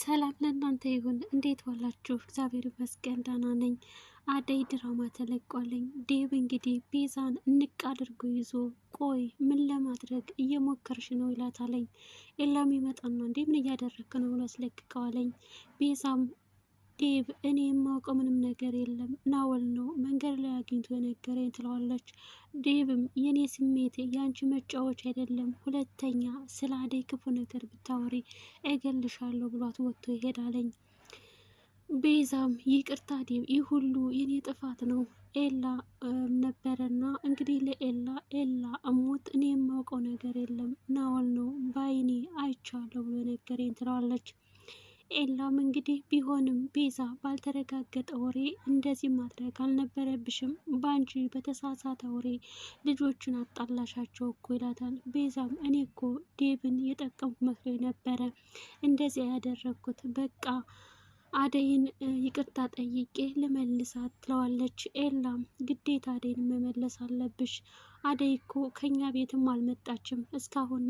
ሰላም ለእናንተ ይሁን። እንዴት ዋላችሁ? እግዚአብሔር ይመስገን ደህና ነኝ። አደይ ድራማ ተለቋለኝ። ዴብ እንግዲህ ቤዛን እንቅ አድርጎ ይዞ ቆይ ምን ለማድረግ እየሞከርሽ ነው ይላታለኝ። ኤላም ይመጣና እንዴ ምን እያደረግክ ነው ብሎ ያስለቅቀዋለኝ። ቤዛም ዴቭ እኔ የማውቀው ምንም ነገር የለም ናወል ነው መንገድ ላይ አግኝቶ የነገረኝ ትለዋለች። ዴቭም የእኔ ስሜት የአንቺ መጫወች አይደለም፣ ሁለተኛ ስለ አደይ ክፉ ነገር ብታወሪ እገልሻለሁ ብሏት ወጥቶ ይሄዳለኝ። ቤዛም ይቅርታ ዴቭ፣ ይህ ሁሉ የኔ ጥፋት ነው ኤላ ነበረና እንግዲህ ለኤላ ኤላ እሞት እኔ የማውቀው ነገር የለም ናወል ነው በአይኔ አይቻለሁ ብሎ የነገረኝ ትለዋለች። ኤላም እንግዲህ ቢሆንም ቤዛ ባልተረጋገጠ ወሬ እንደዚህ ማድረግ አልነበረብሽም፣ በአንቺ በተሳሳተ ወሬ ልጆቹን አጣላሻቸው እኮ ይላታል። ቤዛም እኔ እኮ ዴብን የጠቀምኩ መስሎኝ ነበረ እንደዚያ ያደረግኩት በቃ አደይን ይቅርታ ጠይቄ ልመልሳት ትለዋለች። ኤላም ግዴታ አደይን መመለስ አለብሽ፣ አደይ እኮ ከኛ ቤትም አልመጣችም እስካሁን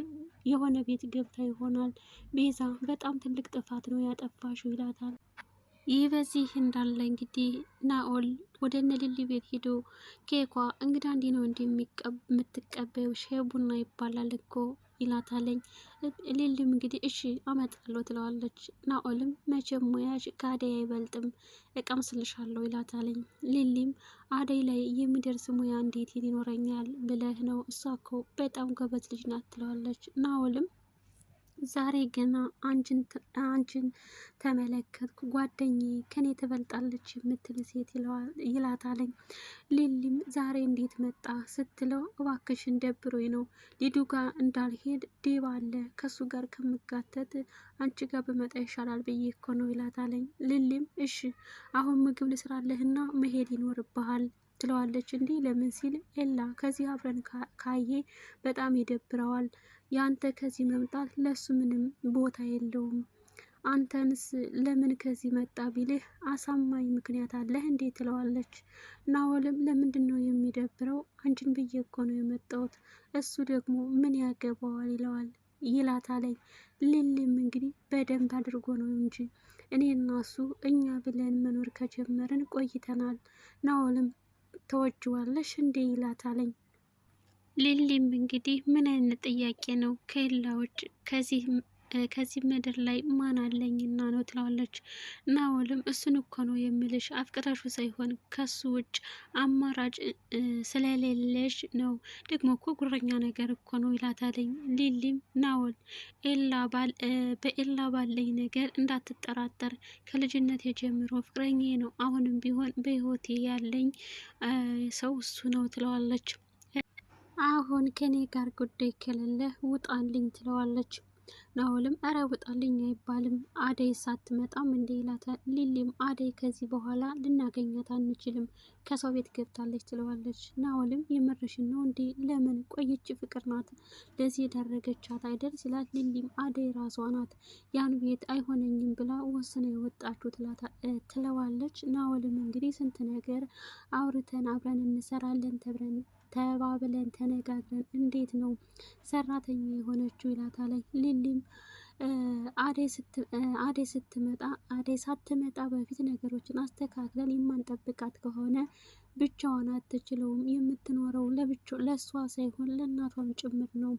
የሆነ ቤት ገብታ ይሆናል። ቤዛ በጣም ትልቅ ጥፋት ነው ያጠፋሽው ይላታል። ይህ በዚህ እንዳለ እንግዲህ ናኦል ወደ ነልሊ ቤት ሄዶ ኬኳ እንግዳ እንዲህ ነው እንዲህ የምትቀበዩ ሼህ ቡና ይባላል እኮ ይላታለኝ። ሊሊም እንግዲህ እሺ አመጣለሁ ትለዋለች። ናኦልም መቼም ሙያሽ ከአደይ አይበልጥም እቀምስልሻለሁ ይላታለኝ። ሊሊም አደይ ላይ የሚደርስ ሙያ እንዴት ይኖረኛል ብለህ ነው? እሷ እኮ በጣም ጎበዝ ልጅ ናት ትለዋለች። ናኦልም ዛሬ ገና አንቺን ተመለከትኩ፣ ጓደኛዬ ከኔ ትበልጣለች የምትል ሴት ይላታለኝ። ሊሊም ዛሬ እንዴት መጣ ስትለው እባክሽን ደብሮኝ ነው ሊዱ ጋ እንዳልሄድ ዴብ አለ፣ ከሱ ጋር ከምጋተት አንቺ ጋር ብመጣ ይሻላል ብዬ እኮ ነው ይላታለኝ። ሊሊም እሺ አሁን ምግብ ልስራለህና መሄድ ይኖርብሃል ትለዋለች። እንዲህ ለምን ሲል ኤላ ከዚህ አብረን ካየ በጣም ይደብረዋል። የአንተ ከዚህ መምጣት ለሱ ምንም ቦታ የለውም። አንተንስ ለምን ከዚህ መጣ ቢልህ አሳማኝ ምክንያት አለህ እንዴ? ትለዋለች። ናወልም ለምንድን ነው የሚደብረው? አንቺን ብዬ እኮ ነው የመጣሁት። እሱ ደግሞ ምን ያገባዋል ይለዋል ይላታለኝ። ልልም እንግዲህ በደንብ አድርጎ ነው እንጂ እኔ እና እሱ እኛ ብለን መኖር ከጀመርን ቆይተናል። ናወልም ተወጅዋለሽ እንዴ ይላታለኝ። ሊሊም እንግዲህ ምን አይነት ጥያቄ ነው ከላ ውጭ ከዚህ ከዚህ ምድር ላይ ማን አለኝና ነው ትለዋለች። ናወልም እሱን እኮ ነው የምልሽ አፍቅረሹ ሳይሆን ከሱ ውጭ አማራጭ ስለሌለሽ ነው። ደግሞ እኮ ጉረኛ ነገር እኮ ነው ይላታለኝ። ሊሊም ናኦል በኤላ ባለኝ ነገር እንዳትጠራጠር ከልጅነት የጀምሮ ፍቅረኛ ነው። አሁንም ቢሆን በህይወቴ ያለኝ ሰው እሱ ነው ትለዋለች። አሁን ከኔ ጋር ጉዳይ ከሌለ ውጣልኝ ትለዋለች። ናሆልም እረ ውጣልኝ አይባልም አደይ ሳትመጣም እንዴ ይላታል። ሊሊም አደይ ከዚህ በኋላ ልናገኛት አንችልም ከሰው ቤት ገብታለች ትለዋለች። ናሆልም የምርሽን ነው እንዴ ለምን ቆየች ፍቅር ናት ለዚህ የዳረገቻት አይደል ሲላት፣ ሊሊም አደይ ራሷ ናት ያን ቤት አይሆነኝም ብላ ወስነ የወጣችሁ ትለዋለች። ናሆልም እንግዲህ ስንት ነገር አውርተን አብረን እንሰራለን ተብረን ተባብለን ተነጋግረን እንዴት ነው ሰራተኛ የሆነችው ይላታለች። ሊሊም አዴ ስትመጣ አዴ ሳትመጣ በፊት ነገሮችን አስተካክለን የማንጠብቃት ከሆነ ብቻዋን አትችለውም። የምትኖረው ለእሷ ሳይሆን ለእናቷም ጭምር ነው።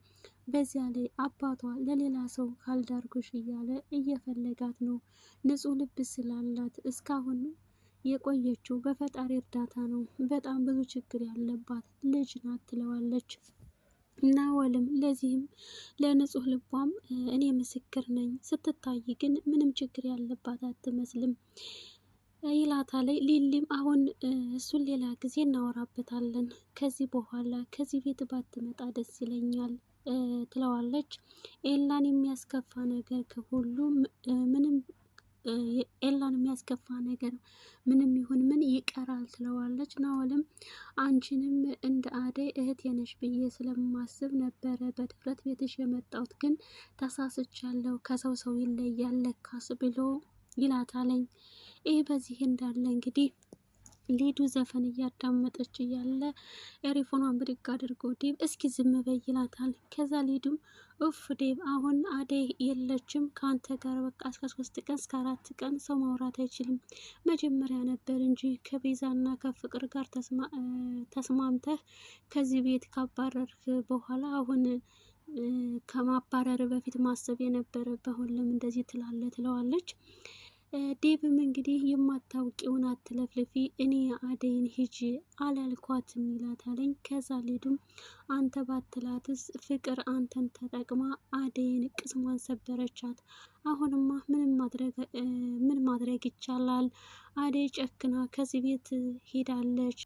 በዚያ ላይ አባቷ ለሌላ ሰው ካልዳርጎሽ እያለ እየፈለጋት ነው። ንጹሕ ልብ ስላላት እስካሁን የቆየችው በፈጣሪ እርዳታ ነው። በጣም ብዙ ችግር ያለባት ልጅ ናት ትለዋለች። ናወልም ለዚህም ለንጹህ ልቧም እኔ ምስክር ነኝ፣ ስትታይ ግን ምንም ችግር ያለባት አትመስልም ይላታ ላይ ሊሊም አሁን እሱን ሌላ ጊዜ እናወራበታለን፣ ከዚህ በኋላ ከዚህ ቤት ባትመጣ ደስ ይለኛል ትለዋለች። ኤላን የሚያስከፋ ነገር ከሁሉ ምንም ኤላን የሚያስከፋ ነገር ምንም ይሁን ምን ይቀራል ትለዋለች። ናወልም አንቺንም እንደ አደይ እህት የነሽ ብዬ ስለማስብ ነበረ በድፍረት ቤትሽ የመጣሁት ግን ተሳስቻለሁ፣ ከሰው ሰው ይለያል ለካስ ብሎ ይላታለኝ። ይህ በዚህ እንዳለ እንግዲህ ሊዱ ዘፈን እያዳመጠች እያለ ኤሪፎኗን ብድግ አድርጎ ዴብ እስኪ ዝም በይ ይላታል። ከዛ ሊዱም ኡፍ ዴብ አሁን አደይ የለችም ከአንተ ጋር በቃ እስከ ሶስት ቀን እስከ አራት ቀን ሰው ማውራት አይችልም። መጀመሪያ ነበር እንጂ ከቤዛና ከፍቅር ጋር ተስማምተህ ከዚህ ቤት ካባረርህ በኋላ አሁን ከማባረር በፊት ማሰብ የነበረ አሁን እንደዚህ ትላለ ትለዋለች ዴብም እንግዲህ የማታውቂውን አትለፍልፊ እኔ አደይን ሂጂ አላልኳትም ይላታለኝ። ከዛ ሌዱም አንተ ባትላትስ ፍቅር አንተን ተጠቅማ አደይን ቅስሟን ሰበረቻት። አሁንማ ምን ማድረግ ይቻላል? አደይ ጨክና ከዚህ ቤት ሄዳለች።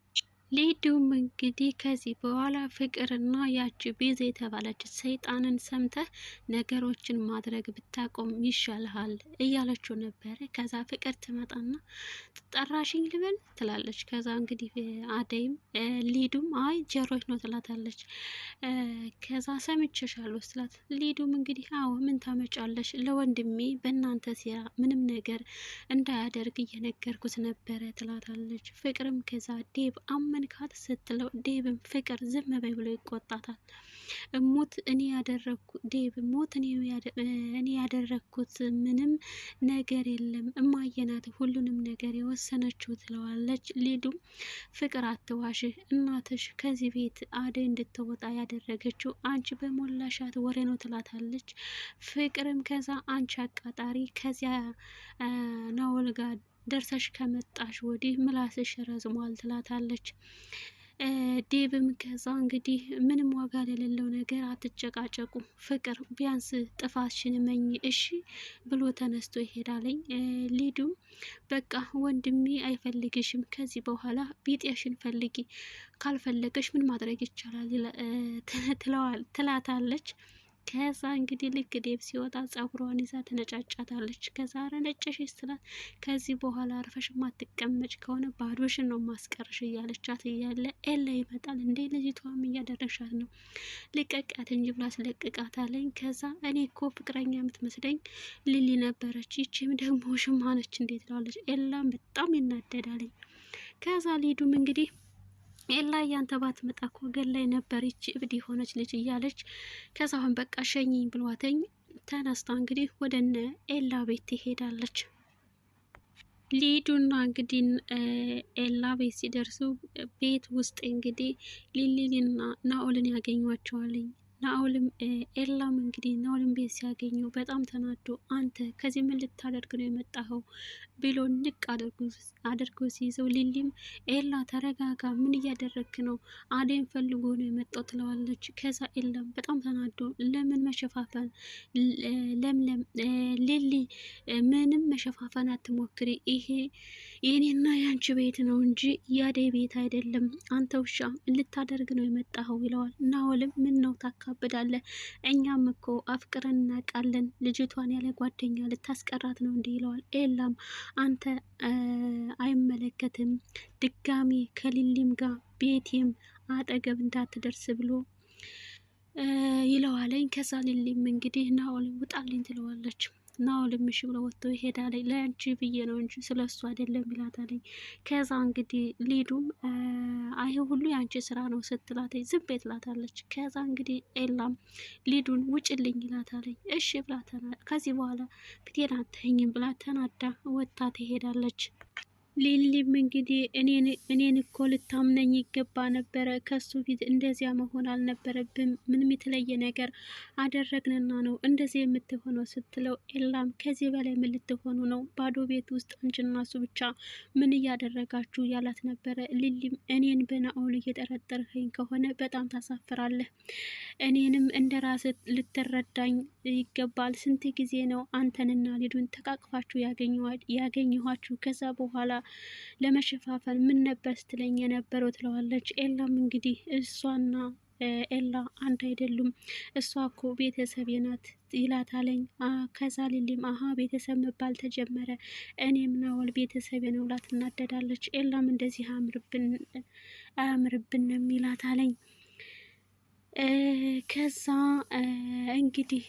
ሊዱም እንግዲህ ከዚህ በኋላ ፍቅርና ያቺ ቤዝ የተባለች ሰይጣንን ሰምተህ ነገሮችን ማድረግ ብታቆም ይሻልሃል እያለችው ነበረ። ከዛ ፍቅር ትመጣና ጠራሽኝ ልበል ትላለች። ከዛ እንግዲህ አደይም ሊዱም አይ ጀሮች ነው ትላታለች። ከዛ ሰምቼሻለሁ ስላት ሊዱም እንግዲህ አዎ ምን ታመጫለሽ? ለወንድሜ በእናንተ ሲራ ምንም ነገር እንዳያደርግ እየነገርኩት ነበረ ትላታለች። ፍቅርም ከዛ ዴብ አመ መንካት ስትለው ዴብም ፍቅር ዝም በይ ብሎ ይቆጣታል። ሞት እኔ ያደረግኩ ዴብ ሞት እኔ ያደረግኩት ምንም ነገር የለም እማየናት ሁሉንም ነገር የወሰነችው ትለዋለች። ሊዱ ፍቅር አትዋሽ፣ እናትሽ ከዚህ ቤት አደይ እንድትወጣ ያደረገችው አንቺ በሞላሻት ወሬ ነው ትላታለች። ፍቅርም ከዛ አንቺ አቃጣሪ ከዚያ ናወልጋ ደርሰሽ ከመጣሽ ወዲህ ምላስሽ ረዝሟል ትላታለች። ዴብም ከዛ እንግዲህ ምንም ዋጋ ለሌለው ነገር አትጨቃጨቁ፣ ፍቅር ቢያንስ ጥፋትሽን መኝ እሺ ብሎ ተነስቶ ይሄዳለኝ። ሊዱም በቃ ወንድሜ አይፈልግሽም፣ ከዚህ በኋላ ቢጤሽን ፈልጊ፣ ካልፈለገሽ ምን ማድረግ ይቻላል ትላታለች። ከዛ እንግዲህ ልክ ዴብ ሲወጣ ጸጉሯን ይዛ ትነጫጫታለች። ከዛ ኧረ ነጭሽ ስትላት ከዚህ በኋላ አርፈሽ ማትቀመጭ ከሆነ ባዶሽን ነው ማስቀርሽ እያለቻት እያለ ኤለ ይመጣል። እንዴ ልጅቷም እያደረሻት ነው ልቀቃት እንጂ ብላ ስለቅቃታለኝ። ከዛ እኔ እኮ ፍቅረኛ የምትመስለኝ ሊሊ ነበረች፣ ይቺም ደግሞ ሽማነች እንዴት ትላለች። ኤላም በጣም ይናደዳለኝ። ከዛ ሊዱም እንግዲህ ኤላ ያንተ ባትመጣ እኮ ገላይ ነበር ይቺ እብድ የሆነች ልጅ እያለች ከዛሁን በቃ ሸኝኝ ብሏተኝ ተነስታ እንግዲህ ወደነ ኤላ ቤት ትሄዳለች። ሊዱና እንግዲህ ኤላ ቤት ሲደርሱ ቤት ውስጥ እንግዲህ ሊሊንና ናኦልን ያገኟቸዋለኝ። ናኦልም ኤላም እንግዲህ ናኦልን ቤት ሲያገኘው በጣም ተናዶ አንተ ከዚህ ምን ልታደርግ ነው የመጣኸው? ብሎ ንቅ አድርጎ ሲይዘው ሊሊም ኤላ ተረጋጋ፣ ምን እያደረግክ ነው? አደይን ፈልጎ ነው የመጣው ትለዋለች። ከዛ ኤላም በጣም ተናዶ ለምን መሸፋፈን ለምለም ሊሊ ምንም መሸፋፈን አትሞክሪ፣ ይሄ የኔና የአንቺ ቤት ነው እንጂ የአደይ ቤት አይደለም። አንተ ውሻ ልታደርግ ነው የመጣኸው ይለዋል። ናሆልም ምን ነው ታካብዳለህ? እኛም እኮ አፍቅረን እናውቃለን። ልጅቷን ያለ ጓደኛ ልታስቀራት ነው እንዲህ ይለዋል። ኤላም አንተ አይመለከትም፣ ድጋሚ ከሊሊም ጋር ቤቴም አጠገብ እንዳትደርስ ብሎ ይለዋለኝ። ከዛ ሊሊም እንግዲህ ናኦል ውጣልኝ ትለዋለች። ናኦልም እሺ ብሎ ወጥቶ ይሄዳል። ለአንቺ ብዬ ነው እንጂ ስለ እሱ አይደለም ይላታል። ከዛ እንግዲህ ሊዱም አይ ሁሉ የአንቺ ስራ ነው ስትላት ዝም ቤት ላታለች። ከዛ እንግዲህ ኤላም ሊዱን ውጭልኝ ይላታል። እሺ ብላ ከዚህ በኋላ ፊቴን አትኸኝም ብላ ተናዳ ወጥታ ትሄዳለች። ሊሊም እንግዲህ እኔን እኮ ልታምነኝ ይገባ ነበረ። ከሱ ፊት እንደዚያ መሆን አልነበረብም። ምንም የተለየ ነገር አደረግንና ነው እንደዚህ የምትሆነው ስትለው፣ ኤላም ከዚህ በላይ ምን ልትሆኑ ነው? ባዶ ቤት ውስጥ አንቺና እሱ ብቻ ምን እያደረጋችሁ ያላት ነበረ። ሊሊም እኔን በናኦል እየጠረጠርኸኝ ከሆነ በጣም ታሳፍራለህ። እኔንም እንደ ራስ ልትረዳኝ ይገባል። ስንት ጊዜ ነው አንተንና ሊዱን ተቃቅፋችሁ ያገኘኋችሁ? ከዛ በኋላ ለመሸፋፈን ምን ነበር ስትለኝ የነበረው ትለዋለች። ኤላም እንግዲህ እሷና ኤላ አንድ አይደሉም፣ እሷ እኮ ቤተሰብ ናት ይላታለኝ። ከዛ ሊሊም አሀ ቤተሰብ መባል ተጀመረ፣ እኔም ናወል ቤተሰብ የነውላት እናደዳለች። ኤላም እንደዚህ አያምርብንም ይላታለኝ። ከዛ እንግዲህ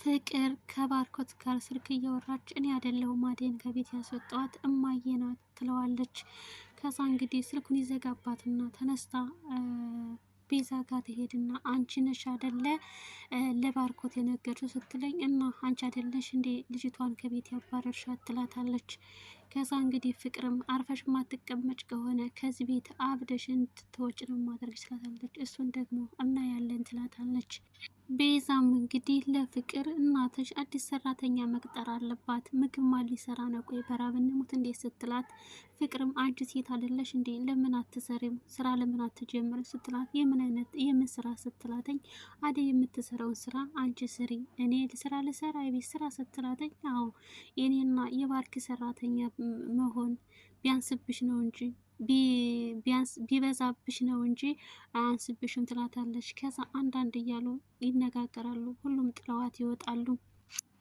ፍቅር ከባርኮት ጋር ስልክ እያወራች እኔ አይደለሁም አደይን ከቤት ያስወጣዋት እማዬ ናት ትለዋለች። ከዛ እንግዲህ ስልኩን ይዘጋባትና ተነስታ ቤዛ ጋር ትሄድና አንቺ ነሽ አደለ ለባርኮት የነገርሽው ስትለኝ እና አንቺ አደለሽ እንዴ ልጅቷን ከቤት ያባረርሻት ትላታለች። ከዛ እንግዲህ ፍቅርም አርፈሽ ማትቀመጭ ከሆነ ከዚህ ቤት አብደሽ እንድትወጪ ነው ማድረግ ትላታለች። እሱን ደግሞ እናያለን ትላታለች። ቤዛም እንግዲህ ለፍቅር እናትሽ አዲስ ሰራተኛ መቅጠር አለባት፣ ምግብ ማን ሊሰራ ነው? ቆይ በራብ እንሙት እንዴ ስትላት፣ ፍቅርም አንቺ ሴት አይደለሽ እንዴ ለምን አትሰሪም? ስራ ለምን አትጀምር? ስትላት የምን አይነት የምን ስራ ስትላተኝ፣ አደ የምትሰራውን ስራ አንቺ ስሪ፣ እኔ ስራ ልሰራ የቤት ስራ ስትላተኝ፣ አዎ የኔና የባርክ ሰራተኛ መሆን ቢያንስብሽ ነው እንጂ ቢበዛብሽ ነው እንጂ አያንስብሽም ትላታለች። ከዛ አንዳንድ እያሉ ይነጋገራሉ። ሁሉም ጥለዋት ይወጣሉ።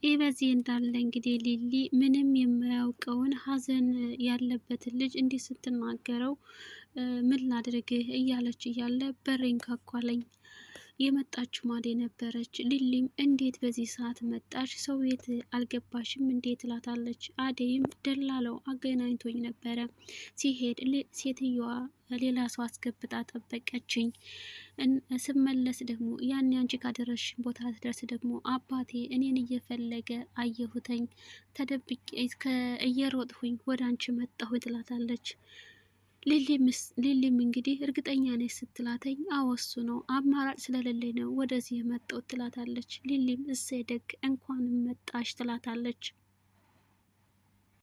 ይህ በዚህ እንዳለ እንግዲህ ሊሊ ምንም የማያውቀውን ሀዘን ያለበትን ልጅ እንዲህ ስትናገረው ምን ላድርግህ እያለች እያለ በሬን ካኳለኝ የመጣችሁ ማደ ነበረች። ሊሊም እንዴት በዚህ ሰዓት መጣሽ? ሰው ቤት አልገባሽም እንዴት ትላታለች። አደይም ደላለው አገናኝቶኝ ነበረ ሲሄድ ሴትየዋ ሌላ ሰው አስገብጣ ጠበቀችኝ። ስመለስ ደግሞ ያን አንቺ ካደረሽን ቦታ ስደርስ ደግሞ አባቴ እኔን እየፈለገ አየሁተኝ፣ ተደብቄ እየሮጥሁኝ ወደ አንቺ መጣሁ ትላታለች። ሊሊም እንግዲህ እርግጠኛ ነች ስትላተኝ አወሱ ነው አማራጭ ስለሌለኝ ነው ወደዚህ የመጣው ትላታለች። ሊሊም እሰይ ደግ እንኳንም መጣሽ ትላታለች።